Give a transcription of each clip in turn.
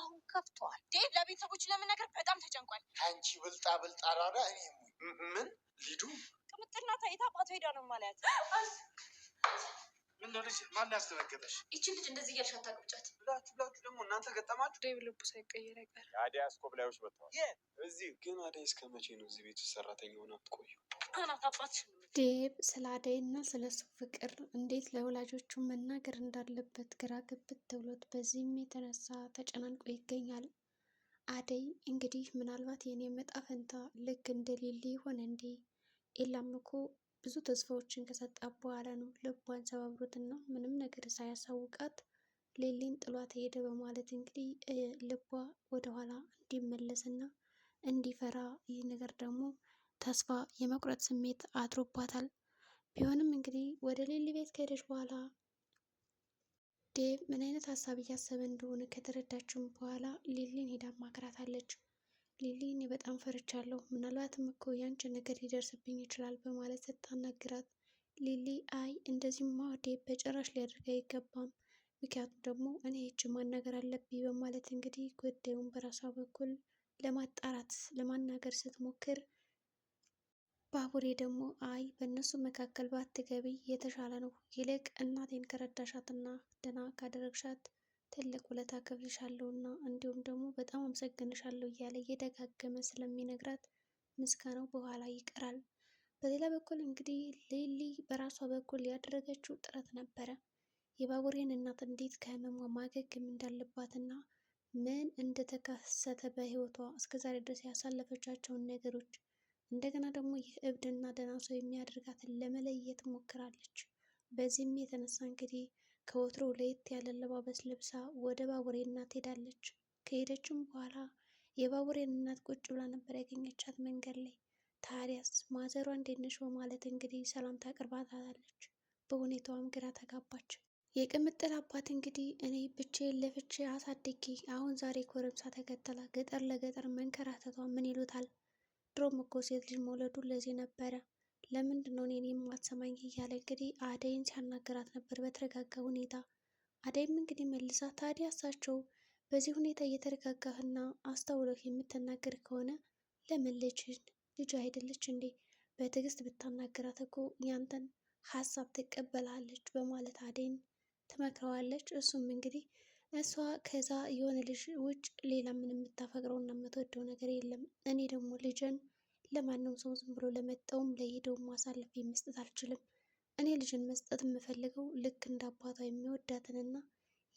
አሁን ከፍቷል። ዴቭ ለቤተሰቦች ለመናገር በጣም ተጨንቋል። ከአንቺ ብልጣ ብልጣ ራራ እኔ ምን ሊዱ ቅምጥና ታይታ አባቷ ሄዳ ነው ማለት ምን ልጅ ማን ያስተናገደሽ? ይቺን ልጅ እንደዚህ እያልሽ አታቅብጫት። ብላችሁ ብላችሁ ደግሞ እናንተ ገጠማችሁ። ዴቭ ልቡ ሳይቀየር አይቀር። አደይ አስኮብላዮች መጥተዋል። እዚህ ግን አደይ እስከ መቼ ነው እዚህ ቤት ሰራተኛ ሆና ትቆዩ? ዴቭ ስለ አደይ እና ስለ እሱ ፍቅር እንዴት ለወላጆቹ መናገር እንዳለበት ግራ ግብት ተብሎት በዚህም የተነሳ ተጨናንቆ ይገኛል። አደይ እንግዲህ ምናልባት የኔ መጣ ፈንታ ልክ እንደ ሊሊ እንዴ? ኤላም እኮ ብዙ ተስፋዎችን ከሰጣት በኋላ ነው ልቧን ሰባብሮትና ምንም ነገር ሳያሳውቃት ሌሊን ጥሏት ሄደ በማለት እንግዲህ ልቧ ወደኋላ እንዲመለስና እንዲፈራ ይህ ነገር ደግሞ ተስፋ የመቁረጥ ስሜት አድሮባታል። ቢሆንም እንግዲህ ወደ ሌሊ ቤት ከሄደች በኋላ ዴቭ ምን አይነት ሀሳብ እያሰበ እንደሆነ ከተረዳችም በኋላ ሌሊን ሄዳ አለችው። ሊሊ እኔ በጣም ፈርቻለሁ፣ ምናልባትም እኮ ያንቺ ነገር ሊደርስብኝ ይችላል በማለት ስታናግራት ሊሊ አይ እንደዚህማ ወዴ በጭራሽ ሊያደርግ አይገባም፣ ምክንያቱም ደግሞ እኔ ሄጄ ማናገር አለብኝ በማለት እንግዲህ ጉዳዩን በራሷ በኩል ለማጣራት ለማናገር ስትሞክር ባቡሬ ደግሞ አይ በእነሱ መካከል ባትገቢ የተሻለ ነው፣ ይልቅ እናቴን ከረዳሻት እና ደህና ካደረግሻት ትልቅ ውለታ ከፍልሻለሁ እና እንዲሁም ደግሞ በጣም አመሰግንሻለሁ እያለ እየደጋገመ ስለሚነግራት ምስጋናው በኋላ ይቀራል። በሌላ በኩል እንግዲህ ሌሊ በራሷ በኩል ያደረገችው ጥረት ነበረ። የባቡሬን እናት እንዴት ከህመሟ ማገገም እንዳለባት እና ምን እንደተከሰተ በህይወቷ እስከዛሬ ድረስ ያሳለፈቻቸውን ነገሮች እንደገና ደግሞ ይህ እብድና ደህና ሰው የሚያደርጋትን ለመለየት ሞክራለች። በዚህም የተነሳ እንግዲህ ከወትሮ ለየት ያለ አለባበስ ለብሳ ወደ ባቡሬ እናት ሄዳለች። ከሄደችም በኋላ የባቡሬን እናት ቁጭ ብላ ነበር ያገኘቻት መንገድ ላይ። ታዲያስ ማዘሯ እንዴት ነሽ በማለት እንግዲህ ሰላምታ አቅርባታለች። በሁኔታዋም ግራ ተጋባች። የቅምጥል አባት እንግዲህ እኔ ብቻዬን ለፍቼ አሳድጌ አሁን ዛሬ ኮረምሳ ተከተላ ገጠር ለገጠር መንከራተቷ ምን ይሉታል? ድሮም እኮ ሴት ልጅ መውለዱ ለዚህ ነበረ ለምንድን ነው እኔን የማትሰማኝ እያለ እንግዲህ አደይን ሲያናገራት ነበር በተረጋጋ ሁኔታ። አደይም እንግዲህ መልሳ ታዲያ እሳቸው በዚህ ሁኔታ እየተረጋጋህና አስተውለህ የምትናገር ከሆነ ለምን ልጅን ልጅ አይደለች እንዴ? በትዕግስት ብታናገራት እኮ ያንተን ሀሳብ ትቀበላለች በማለት አደይን ትመክረዋለች። እሱም እንግዲህ እሷ ከዛ የሆነ ልጅ ውጭ ሌላ ምን የምታፈቅረው እና የምትወደው ነገር የለም እኔ ደግሞ ልጅን ለማንም ሰው ዝም ብሎ ለመጣውም ለሄደውም ማሳለፍ መስጠት አልችልም። እኔ ልጅን መስጠት የምፈልገው ልክ እንደ አባቷ የሚወዳትንና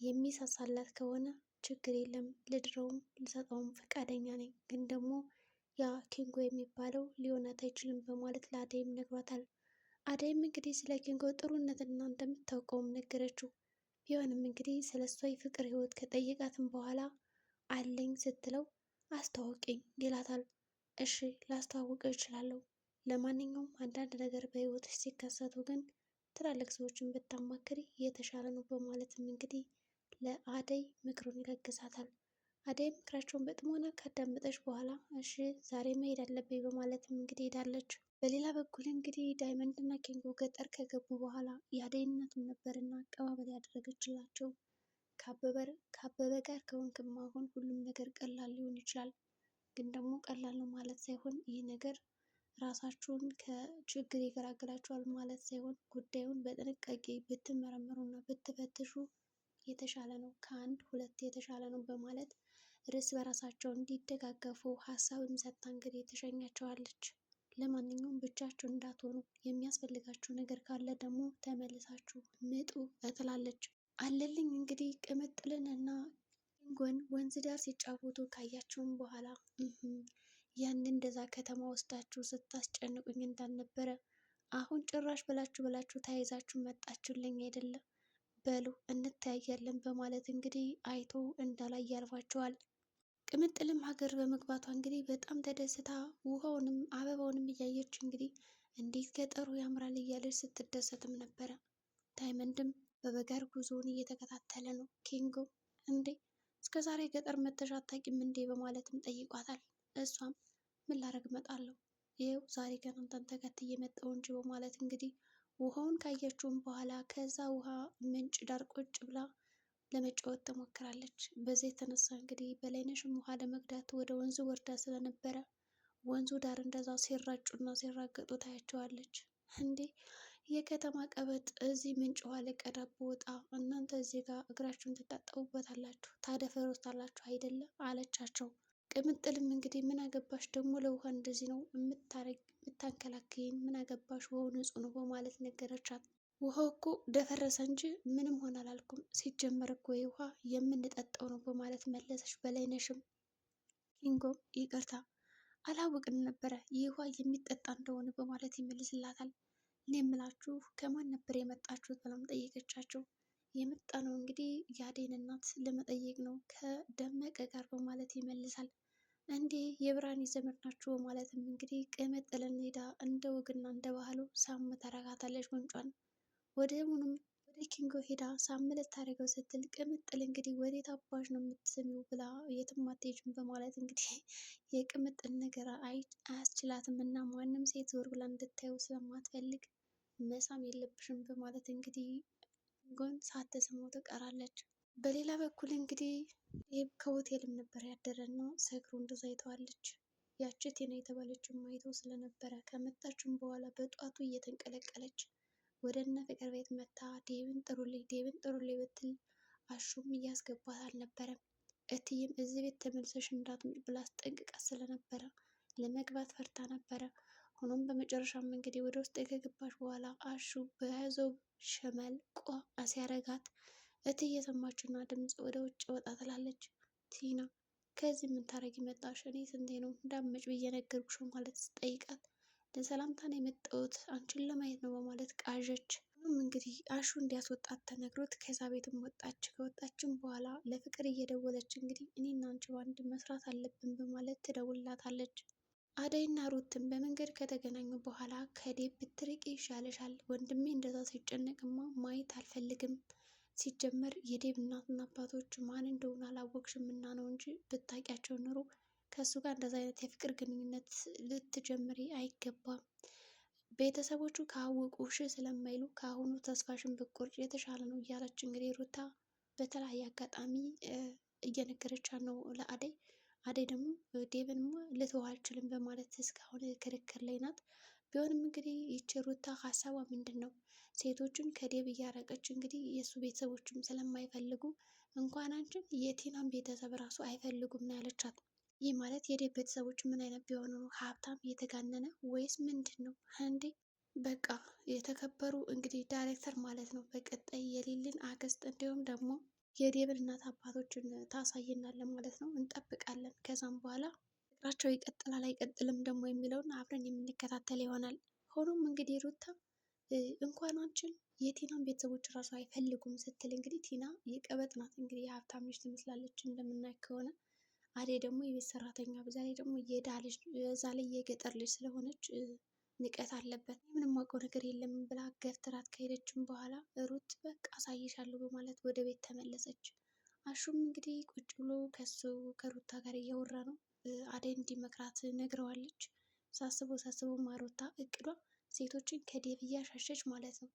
የሚሳሳላት ከሆነ ችግር የለም፣ ልድረውም ልሰጠውም ፈቃደኛ ነኝ። ግን ደግሞ ያ ኪንጎ የሚባለው ሊሆናት አይችልም በማለት ለአደይም ነግሯታል። አደይም እንግዲህ ስለ ኪንጎ ጥሩነትና እንደምታውቀውም ነገረችው። ቢሆንም እንግዲህ ስለ እሷ የፍቅር ህይወት ከጠየቃትም በኋላ አለኝ ስትለው አስተዋውቂኝ ይላታል። እሺ ላስተዋውቀው ይችላለሁ። ለማንኛውም አንዳንድ ነገር በህይወትሽ ሲከሰቱ ግን ትላልቅ ሰዎችን ብታማክሪ የተሻለ ነው በማለትም እንግዲህ ለአደይ ምክሩን ይለግሳታል። አደይ ምክራቸውን በጥሞና ካዳመጠች በኋላ እሺ ዛሬ መሄድ አለብኝ በማለትም እንግዲህ ሄዳለች። በሌላ በኩል እንግዲህ ዳይመንድ እና ኬንጎ ገጠር ከገቡ በኋላ የአደይ እናትም ነበርና አቀባበል ያደረገችላቸው። ከአበበ ጋር ከሆንክማ አሁን ሁሉም ነገር ቀላል ሊሆን ይችላል ግን ደግሞ ቀላል ነው ማለት ሳይሆን ይህ ነገር ራሳችሁን ከችግር ይገላግላችኋል ማለት ሳይሆን ጉዳዩን በጥንቃቄ ብትመረምሩ እና ብትፈትሹ የተሻለ ነው፣ ከአንድ ሁለት የተሻለ ነው በማለት እርስ በራሳቸው እንዲደጋገፉ ሀሳብም ሰጥታ እንግዲህ የተሸኛቸዋለች። ለማንኛውም ብቻችሁ እንዳትሆኑ የሚያስፈልጋችሁ ነገር ካለ ደግሞ ተመልሳችሁ ምጡ ትላለች። አለልኝ እንግዲህ ቅምጥልን እና ጎን ወንዝ ዳር ሲጫወቱ ካያቸውም በኋላ ያን እንደዛ ከተማ ወስዳችሁ ስታስጨንቁኝ እንዳልነበረ አሁን ጭራሽ ብላችሁ ብላችሁ ተያይዛችሁ መጣችሁልኝ አይደለም፣ በሉ እንተያያለን በማለት እንግዲህ አይቶ እንዳላይ ያልፏቸዋል። ቅምጥልም ሀገር በመግባቷ እንግዲህ በጣም ተደስታ ውሃውንም አበባውንም እያየች እንግዲህ እንዴት ገጠሩ ያምራል እያለች ስትደሰትም ነበረ። ዳይመንድም በበጋር ጉዞውን እየተከታተለ ነው። ኪንጎ እንዴ እስከ ዛሬ ገጠር መተሻ አታውቂም እንዴ? በማለትም ጠይቋታል። እሷም ምን ላረግ መጣለሁ ይኸው ዛሬ ገና አንተን ተከትዬ መጣሁ እንጂ በማለት እንግዲህ ውሃውን ካየችውም በኋላ ከዛ ውሃ ምንጭ ዳር ቁጭ ብላ ለመጫወት ትሞክራለች። በዚህ የተነሳ እንግዲህ በላይነሽም ውሃ ለመቅዳት ወደ ወንዙ ወርዳ ስለነበረ ወንዙ ዳር እንደዛ ሲራጩና ሲራገጡ ታያቸዋለች እንዴ የከተማ ቀበጥ እዚህ ምንጭ ውሃ ልቀዳ ብወጣ እናንተ እዚህ ጋር እግራችሁን ትታጠቡበታላችሁ ታደፈሩታላችሁ አይደለም አለቻቸው። ቅምጥልም እንግዲህ ምን አገባሽ ደግሞ ለውሃ እንደዚህ ነው የምታረግ የምታንከላክይን ምን አገባሽ ውሃው ንጹህ ነው በማለት ነገረቻት። ውሃው እኮ ደፈረሰ እንጂ ምንም ሆነ አላልኩም ሲጀመር እኮ ውሃ የምንጠጣው ነው በማለት መለሰች። በላይነሽም ኪንጎም ይቅርታ አላወቅን ነበረ ይህ ውሃ የሚጠጣ እንደሆነ በማለት ይመልስላታል። እኔ የምላችሁ ከማን ነበር የመጣችሁት ብላም ጠየቀቻቸው። የመጣ ነው እንግዲህ የአዴን እናት ለመጠየቅ ነው ከደመቀ ጋር በማለት ይመልሳል። እንዴ የብርሃኔ ዘመድ ናችሁ በማለትም እንግዲህ ቅምጥልን ሄዳ እንደ ወግና እንደ ባህሉ ሳም ተረጋታለች ጉንጯን ወደ ወደ ኪንጎ ሄዳ ሳምን ልታደርገው ስትል ቅምጥል እንግዲህ ወዴት አባሽ ነው የምትስሚው ብላ የትም አትሄጂም በማለት እንግዲህ የቅምጥል ነገር አያስችላትም እና ማንም ሴት ዞር ብላ እንድታየው ስለማትፈልግ መሳም የለብሽም በማለት እንግዲህ ጎን ሳትስመው ትቀራለች። በሌላ በኩል እንግዲህ ይህ ከሆቴልም ነበር ያደረና ሰክሮ እንደዛ አይተዋለች። ያቺ ቴና የተባለችው አይተው ስለነበረ ከመጣችም በኋላ በጧቱ እየተንቀለቀለች ወደ እነ ፍቅር ቤት መታ ዴብን ጥሩልኝ፣ ዴብን ጥሩልኝ ብትል አሹም እያስገባት አልነበረም። እትዬም እዚህ ቤት ተመልሰሽ እንዳትመጭ ብላ አስጠንቅቃት ስለነበረ ለመግባት ፈርታ ነበረ። ሆኖም በመጨረሻም እንግዲህ ወደ ውስጥ ከገባች በኋላ አሹ በያዘው ሸመልቆ አስያረጋት። እትዬ የሰማችው እና ድምፅ ወደ ውጭ ወጣ ትላለች። ቲና ከዚህ ምን መጣሽ? እኔ ስንቴ ነው እንዳትመጭ ብዬ ነገርኩሽ ማለት ስጠይቃት ለሰላምታ ነው የመጣሁት አንቺን ለማየት ነው በማለት ቃዠች። ሁሉም እንግዲህ አሹ እንዲያስወጣት ተነግሮት ከዛ ቤትም ወጣች። ከወጣችም በኋላ ለፍቅር እየደወለች እንግዲህ እኔና አንቺ ባንድ መስራት አለብን በማለት ትደውላታለች። አደይና ሩትም በመንገድ ከተገናኙ በኋላ ከዴብ ብትርቂ ይሻለሻል፣ ወንድሜ እንደዛ ሲጨነቅማ ማየት አልፈልግም። ሲጀመር የዴብ እናትና አባቶች ማን አላወቅሽም እና ነው እንጂ ብታውቂያቸው ኑሮ ከእሱ ጋር እንደዚ አይነት የፍቅር ግንኙነት ልትጀምሪ አይገባም። ቤተሰቦቹ ካወቁ እሺ ስለማይሉ ከአሁኑ ተስፋሽን ብትቆርጪ የተሻለ ነው እያለች እንግዲህ ሩታ በተለያየ አጋጣሚ እየነገረቻ ነው ለአደይ። አደይ ደግሞ ዴቭን ልተወው አልችልም በማለት እስካሁን ክርክር ላይ ናት። ቢሆንም እንግዲህ ይች ሩታ ሀሳቧ ምንድን ነው? ሴቶችን ከዴቭ እያረቀች እንግዲህ የእሱ ቤተሰቦችም ስለማይፈልጉ እንኳን አንቺን የቲናን ቤተሰብ ራሱ አይፈልጉም ነው ያለቻት። ይህ ማለት የዴብ ቤተሰቦች ምን አይነት ቢሆኑ ነው? ሀብታም የተጋነነ ወይስ ምንድን ነው? አንዴ በቃ የተከበሩ እንግዲህ ዳይሬክተር ማለት ነው። በቀጣይ የሌልን አክስት እንዲሁም ደግሞ የዴቭን እናት አባቶችን ታሳየናለን ማለት ነው። እንጠብቃለን። ከዛም በኋላ ፍቅራቸው ይቀጥላል አይቀጥልም ደግሞ የሚለውን አብረን የምንከታተል ይሆናል። ሆኖም እንግዲህ ሩታ እንኳን አንቺን የቲናን ቤተሰቦች እራሱ አይፈልጉም ስትል እንግዲህ ቲና የቀበጥ ናት እንግዲህ የሀብታም ልጅ ትመስላለች እንደምናየው ከሆነ አዴ ደግሞ የቤት ሰራተኛ በዛ ላይ ደግሞ የዳ ልጅ በዛ ላይ የገጠር ልጅ ስለሆነች ንቀት አለበት። ምንም አውቀው ነገር የለም ብላ ገፍትራት ከሄደችም በኋላ ሩት በቃ አሳይሻለሁ በማለት ወደ ቤት ተመለሰች። አሹም እንግዲህ ቁጭ ብሎ ከሱ ከሩታ ጋር እያወራ ነው። አደይ እንዲመክራት ነግረዋለች። ሳስበው ሳስበው ማሩታ እቅዷ ሴቶችን ከዴብ እያሻሸች ማለት ነው።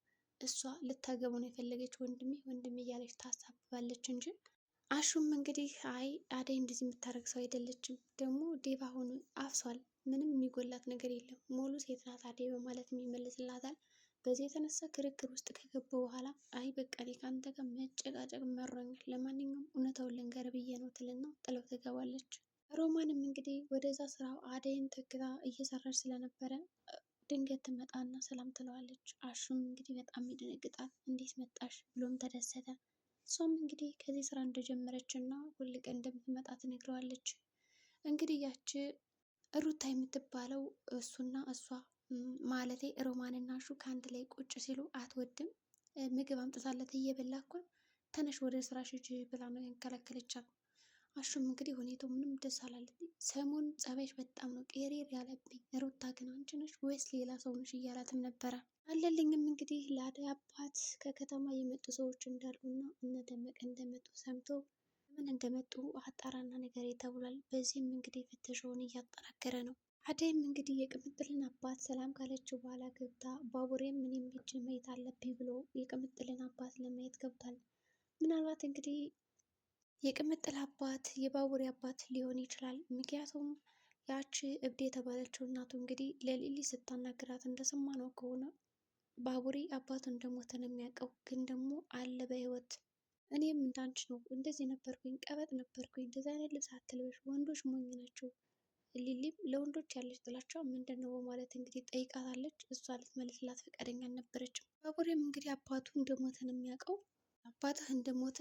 እሷ ልታገቡ ነው የፈለገች ወንድሜ ወንድሜ እያለች ታሳብባለች እንጂ አሹም እንግዲህ አይ አደይ እንደዚህ የምታደርግ ሰው አይደለችም፣ ደግሞ ዴቭ አሁን አፍሷል፣ ምንም የሚጎላት ነገር የለም፣ ሙሉ ሴት ናት አደይ በማለት ይመልስላታል። በዚህ የተነሳ ክርክር ውስጥ ከገቡ በኋላ አይ በቃ እኔ ከአንተ ጋር መጨቃጨቅ መሮኛል፣ ለማንኛውም እውነታውን ልንገር ብዬ ነው ትልና ጥለው ትገባለች። ሮማንም እንግዲህ ወደዛ ስራው አደይን ተክታ እየሰራች ስለነበረ ድንገት ትመጣና ሰላም ትለዋለች። አሹም እንግዲህ በጣም ይደነግጣል። እንዴት መጣሽ ብሎም ተደሰተ። እሷም እንግዲህ ከዚህ ስራ እንደጀመረች እና ሁል ቀን እንደምትመጣ ትነግረዋለች። እንግዲህ ያች ሩታ የምትባለው እሱና እሷ ማለቴ ሮማን እና ሹ ከአንድ ላይ ቁጭ ሲሉ አትወድም። ምግብ አምጥታለት እየበላ እንኳን ተነሽ ወደ ስራሽ ሂጂ ብላ ነው ያንከለከለቻት። አሹም እንግዲህ ሁኔታው ምንም ደስ አላለትም። ሰሞኑን ጸባይሽ በጣም ነው ቄሬር ያለብኝ፣ ሩታ ግን አንቺ ነሽ ወይስ ሌላ ሰው ነሽ እያላትም ነበረ። አለልኝም እንግዲህ ለአደይ አባት ከከተማ የመጡ ሰዎች እንዳሉና እነ ደመቀ እንደመጡ ሰምቶ ምን እንደመጡ አጣራና ነገር ተብሏል። በዚህም እንግዲህ ፍተሻውን እያጠናከረ ነው። አደይም እንግዲህ የቅምጥልን አባት ሰላም ካለችው በኋላ ገብታ ባቡሬም እኔም ሂጅ ማየት አለብኝ ብሎ የቅምጥልን አባት ለማየት ገብቷል። ምናልባት እንግዲህ የቅምጥል አባት የባቡሬ አባት ሊሆን ይችላል። ምክንያቱም ያቺ እብድ የተባለችው እናቱ እንግዲህ ለሊሊ ስታናግራት እንደሰማነው ከሆነ ባቡሬ አባቱ እንደሞተ ነው የሚያውቀው፣ ግን ደግሞ አለ በህይወት። እኔም እንዳንቺ ነው እንደዚህ ነበርኩኝ፣ ቀበጥ ነበርኩኝ፣ እንደዚህ አይነት ልብስ አትልበሽ፣ ወንዶች ሞኝ ናቸው። ሊሊም ለወንዶች ያለች ጥላቻ ምንድን ነው በማለት እንግዲህ ጠይቃታለች። እሷ ልትመልስላት ፈቃደኛ አልነበረችም። ባቡሬም እንግዲህ አባቱ እንደሞተ ነው የሚያውቀው አባትህ እንደሞተ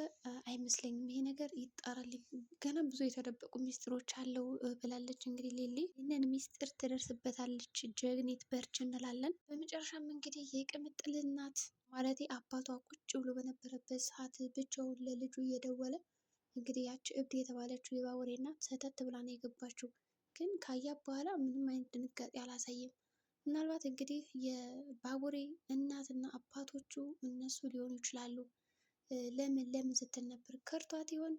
አይመስለኝም። ይሄ ነገር ይጣራልኝ። ገና ብዙ የተደበቁ ሚስጥሮች አለው ብላለች። እንግዲህ ሌሊ ይህንን ሚስጥር ትደርስበታለች። ጀግኒት በርች እንላለን። በመጨረሻም እንግዲህ የቅምጥል እናት ማለቴ አባቷ ቁጭ ብሎ በነበረበት ሰዓት ብቻውን ለልጁ እየደወለ እንግዲህ ያቺ እብድ የተባለችው የባቡሬ እናት ሰተት ብላ ነው የገባችው። ግን ካያ በኋላ ምንም አይነት ድንጋጤ አላሳየም። ምናልባት እንግዲህ የባቡሬ እናትና አባቶቹ እነሱ ሊሆኑ ይችላሉ። ለምን ለምን ስትል ነበር። ከርቷት ይሆን?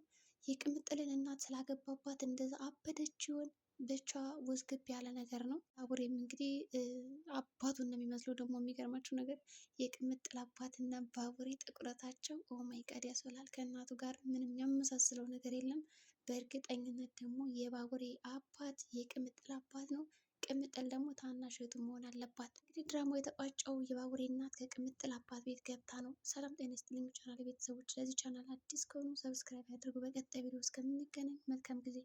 የቅምጥልን እናት ስላገባባት እንደዛ አበደች ይሆን? ብቻ ውዝግብ ያለ ነገር ነው። ባቡሬም እንግዲህ አባቱን ነው የሚመስለው። ደግሞ የሚገርማቸው ነገር የቅምጥል አባት እና ባቡሬ ጥቁረታቸው ኦማይ ጋድ ያስብላል። ከእናቱ ጋር ምንም የሚያመሳስለው ነገር የለም። በእርግጠኝነት ደግሞ የባቡሬ አባት የቅምጥል አባት ነው። ቅምጥል ደግሞ ታናሽ እህቱ መሆን አለባት። እንግዲህ ድራማው የተቋጨው የባቡሬ እናት ከቅምጥል አባት ቤት ገብታ ነው። ሰላም ጤና ይስጥልኝ ቻናል ቤተሰቦች፣ ለዚህ ቻናል አዲስ ከሆኑ ሰብስክራይብ ያድርጉ። በቀጣይ ቪዲዮ እስከምንገናኝ መልካም ጊዜ